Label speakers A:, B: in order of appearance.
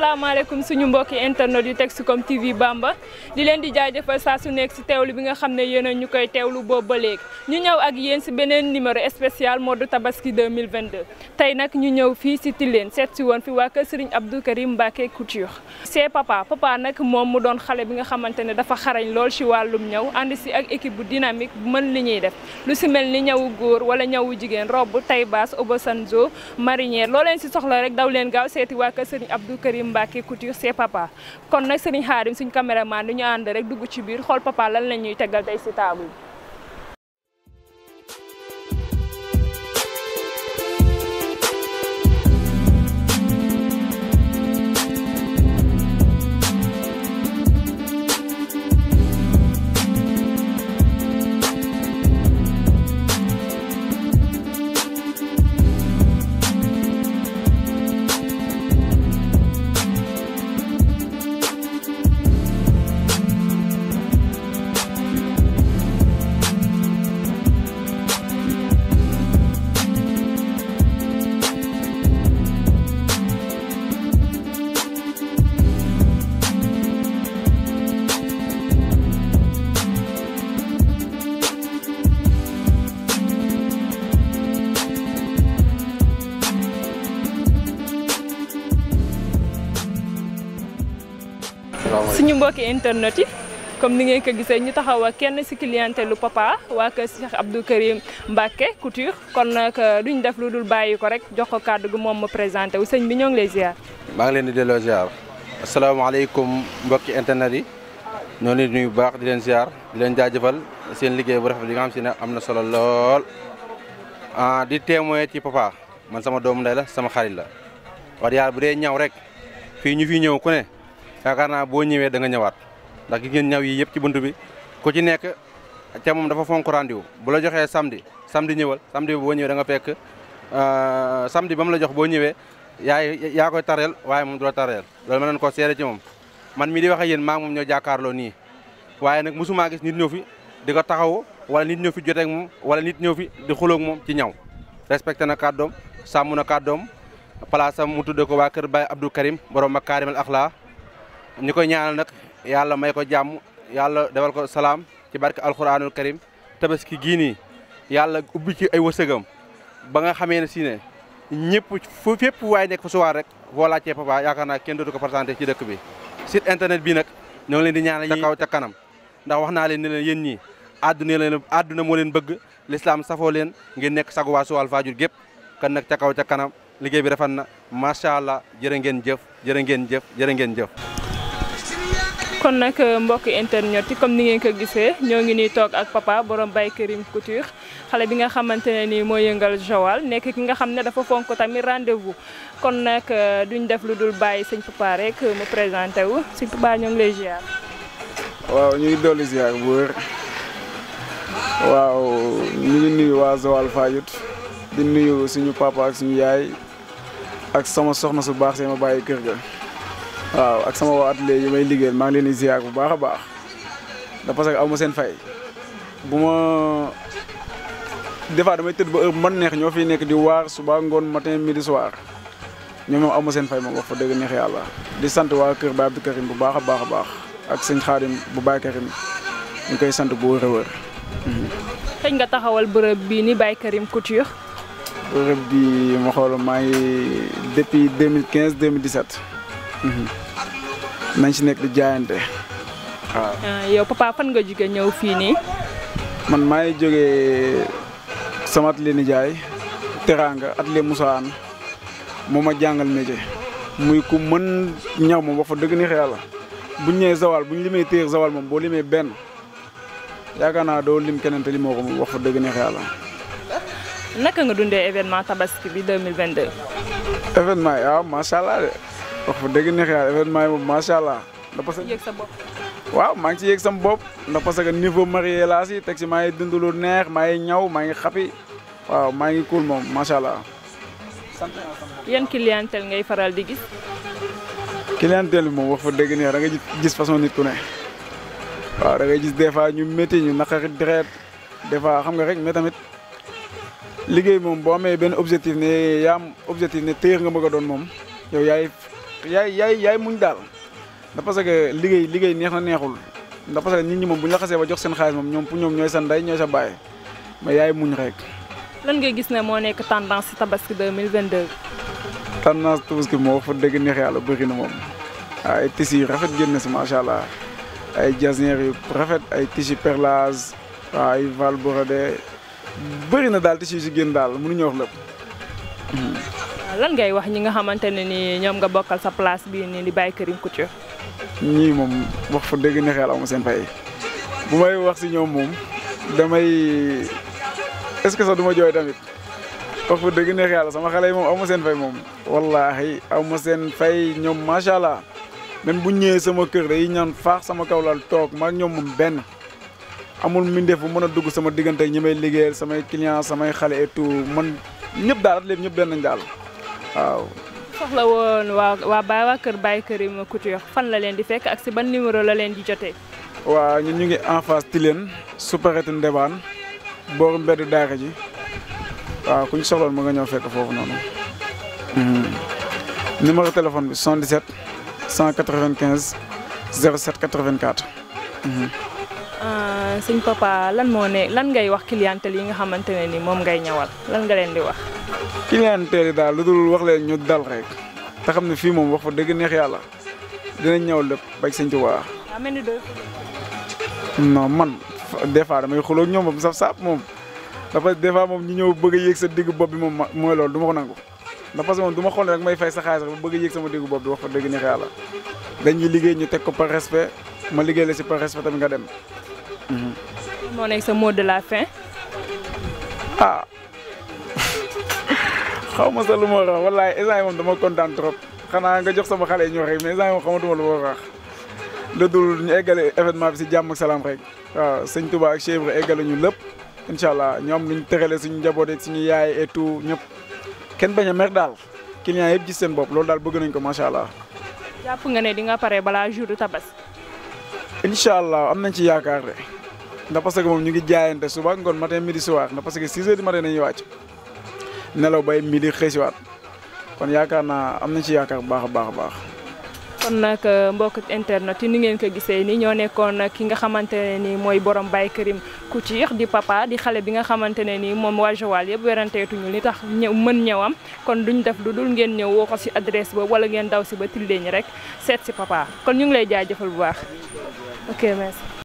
A: Assalamualaikum, suñu mbokk internet yu Texcom TV Bamba di len di jaajëfal sa su nek ci tewlu bi nga xamne yeena yéen tewlu ñu koy ñu ñew ak yeen ci benen numéro spécial mode tabaski 2022 tay nak ñu ñew fi ci tilen set ci won fi wa ke Serigne Abdou Karim mbake Couture c'est papa papa nak mom mu doon xalé bi nga xamantene dafa xarañ lool ci walum ñew and ci ak équipe bu dynamique bu mën li ñuy def lu ci mel ni ñawu wala ñawu jigen robe tay bass obosanzo marinier. lo len si soxla rek daw len gaaw seti wa ke Serigne Abdou Karim Mbacke Couture c'est papa kon nag Serigne Xaadim suñ caméraman ñu ànd rek dugg ci biir xool papa lan la ñuy tegal tey si table suñu mbokk internet yi comme ni ngeen ko gisé ñu taxaw ak kenn si clientèle papa wa ke Cheikh Abdou Karim Mbacke couture kon nak euh, duñ def lu dul bàyyi ko rek jox ko kàddu gu mom mu présenter wu señ bi ñong lay ziar.
B: ba ngi leen di delloo ziar assalamu alaykum mbokk internet yi ñoo leen nuyu baax di leen ziar di leen jaajeufal seen liggéey bu rafet bi nga xam ci amna solo lol ah di témoigner ci papa man sama doom ndey la sama xarit la war yàlla bu dee ñaw rek fii ñu fi ñëw ku ne yaakaar bo boo da nga ñëwaat ndax gën ñaw yi yépp ci buntu bi ku ci nekk ca mom dafa fonk rendez-vous bu la joxé samedi samedi ñëwal samedi bo ñëwee da nga fekk euh, samedi bam la jox bo ñëwé yaay ya koy tarel waye mom du tarel loolu ma ko séré ci mom man mi di wax ak yéen maa moom ñoo jaakarlo ni waye nak musuma gis nit ñofi di ko taxaw wala nit ñofi jotté ak mom wala nit ñofi di di ak mom ci ñaw respecté na kaddom sàmm na place am mu tuddé ko wa kër bay Abdou Karim borom al akhlaq ñu ñaanal nak yalla may ko jamm yalla defal ko salam ci barke alxuraanul karim tabaski gi ni yalla ubbi ci ay wëssegam ba nga xamé ne ci ne ñepp fu way nek fu fa rek ci papa yaakaar naa kenn dootu ko présenter ci dëkk bi site internet bi nak ñoo leen di ñaanal ca kaw ta kanam ndax wax naa leen ne leen yeen ñi aduna leen aduna mo leen bëgg l'islam safo leen ngeen nek sagu fajur gep kan nak ca kaw kanam liggey bi rafet na macha allah jere ngeen jëf jere ngeen jëf jere ngeen jëf
A: kon nak euh, mbokk internet comme ni ngeen ko gisee ñoo ni tok ak papa borom Baye Karim Couture xalé bi nga xamantene ni nii moo yëngal Joal nekk ki nga xamne dafa fonk tamit rendez-vous kon nak euh, duñ def luddul dul seigne sëñ papa rek euh, mu présenté wu seigne papa ñong lay ziar.
C: waaw ñuy dolli ziar bu wër waaw ñu nuyu wa Joal Fadiouth di nuyu suñu papa ak suñu yaay ak sama soxna su baax sama baye bàyyi kër ga. waaw ak sama waa atelier yi may liggéeyal maa ngi leen di ziar bu baax a baax da parce que aw seen fay bu ma des fois damay tëdd ba heure man neex ñoo fi nekk di waar suba ngoon matin midi soir ñoom moom seen fay moom wax fa dëgg neex yàlla di sant waa kër Baye Abdou Karim bu baax a baax a baax ak sëñ Xaadim bu Baye Karim ñu koy sant bu wër a wër
A: xëy nga taxawal bërëb bii ni Baye Karim Couture
C: bërëb bi ma xool maa ngi depuis 2015 2017 nañ ci nekk di jaayante
A: waaw ah, yow papa fan nga jóge ñëw fii nii
C: man maa ngi jógee sama atelier ni jaay teranga atelier Moussa Anne moo ma jàngal métier muy ku mën ñaw moom wax fa dëgg ni xeela buñ ñëwee zawal buñ limee téer zawal moom boo limee benn yaakaar naa doo lim keneen te limoo ko moom wax fa dëgg ni xeela
A: naka nga dundee événement tabaski bi 2022
C: événement ah macha allah de wax fa dëgg neex yàlla événement allah. ndax parce sa bopp. waaw maa ngi ci yëg sam bopp ndax parce niveau marié laa si teg si maa dund lu neex maa ñaw maa xapi waaw ngi cool
A: clientèle ngay faral di gis.
C: clientèle bi wax fa dëgg neex da nga gis façon nit ku ne. waaw da ngay gis des fois ñu métti ñu naqari deret des fois xam nga rek mais tamit liggéey moom boo amee benn objectif ne yaa am objectif ne nga bëgg a doon moom yow yaay yaay yaay yaay muñ daal ndax parce que liggéey liggéey neex na neexul ndax parce que nit ñi moom bu ñu la ba jox seen xaalis moom ñoom pour ñoom ñooy sa ndey ñooy sa baay mais yaay muñ rek.
A: lan ngay gis ne moo nekk tendance ci tabaski 2022.
C: tendance tabaski moo fa dëgg neex yàlla bëri na moom ay tissus yu rafet génn si macha allah ay jasneer yu rafet ay tissus perlage ay val borodé bëri na daal tissus yu si génn daal mënuñoo wax lépp. Hmm.
A: lan ngay wax ñi nga xamantene ni ñom nga bokal sa place bi ni di bay Karim Couture.
C: ñi mom wax fa deug ni xel amu seen fay bu may wax si ñom mom, damay est ce que sax duma ma tamit wax fa deug ni xel sama xalé mom amu seen fay mom wallahi amu seen fay ma sha allah même bu ñëw sama kër day ñaan faax sama kawlal tok ma maag ñoom moom amul mbindeef bu mëna dugg sama digënté ñi may liggéey sama client sama xalé et tout man. ñëpp daal atleet ñëpp benn nañ daal waaw.
A: soxla woon waa waa Baye waa kër Baye Karim Couture fan la leen di fekk ak si ban numéro la leen di jotee.
C: waa ñun ñu ngi en face Tilène supérette Ndebane booru mbedd daara ji waaw ku ñu soxloon ma nga ñëw fekk foofu noonu. Hmm. numéro téléphone bi 77 195 07 84.
A: sing papa lan mo ne lan ngay wax clientèle yi nga xamantene ni mom ngay ñawal lan nga len di wax.
C: clientèle da lu dul wax len ñu dal rek ta xam fi mom wax fa deug neex yalla dina ñaw lepp bay señ Tuubaa. waaw ni doy man des fois damay xulok ñom ñoom moom saf mom da fa des fois mom ñu ñew bëgg a sa digg bop bi mom moy lool duma ko nangu. da fa que duma xol rek may fay sa xaar rek bëgg a sama diggu bop bi wax fa deug neex yalla dañuy liggéey ñu tek ko par respect ma liggéey la si par respect tam nga dem
A: moo nekk sa mot de la fin.
C: ah xaw ma sa lu ma wax wallaahi instant yii moom dama kontaan trop xanaa nga jox sama xale yi ñu wax rek mais instant moom xamatuma lu ma wax. lu dul ñu eggale événement bi si jàmm ak salaam rek waaw sëñ Touba ak Cheikh Ibra eggale ñu lépp incha allah ñoom luñ tëralee suñu njaboot ak suñu yaay et ñëpp kenn bañ a mer daal client yëpp gis seen bopp loolu daal bëgg nañ ko macha allah.
A: jàpp nga ne di nga pare balaa jour du tabas.
C: incha allah am nañ ci yaakaar de. ndax parce que mom ñu ngi jaayante suba ngon matin midi soir ndax parce que 6 heures du matin dañuy wacc nelaw bay midi xéssi wat kon yaakaar naa am na ci yaakaar baax baax baax.
A: kon nak euh, mbokk internet ni ngeen ko gisee ni ñoo nekkoon ki nga xamantene ni mooy borom Baye Karim Couture di papa di xale bi nga xamantene ni moom wajowal Joal yëpp weranteetuñu li tax ñëw mën ñëwam kon duñ def lu dul ngeen ñëw woo ko si adresse ba wala ngeen daw si ba tildeñ rek seet si papa kon ñu ngi lay jaajëfal bu baax ok merci.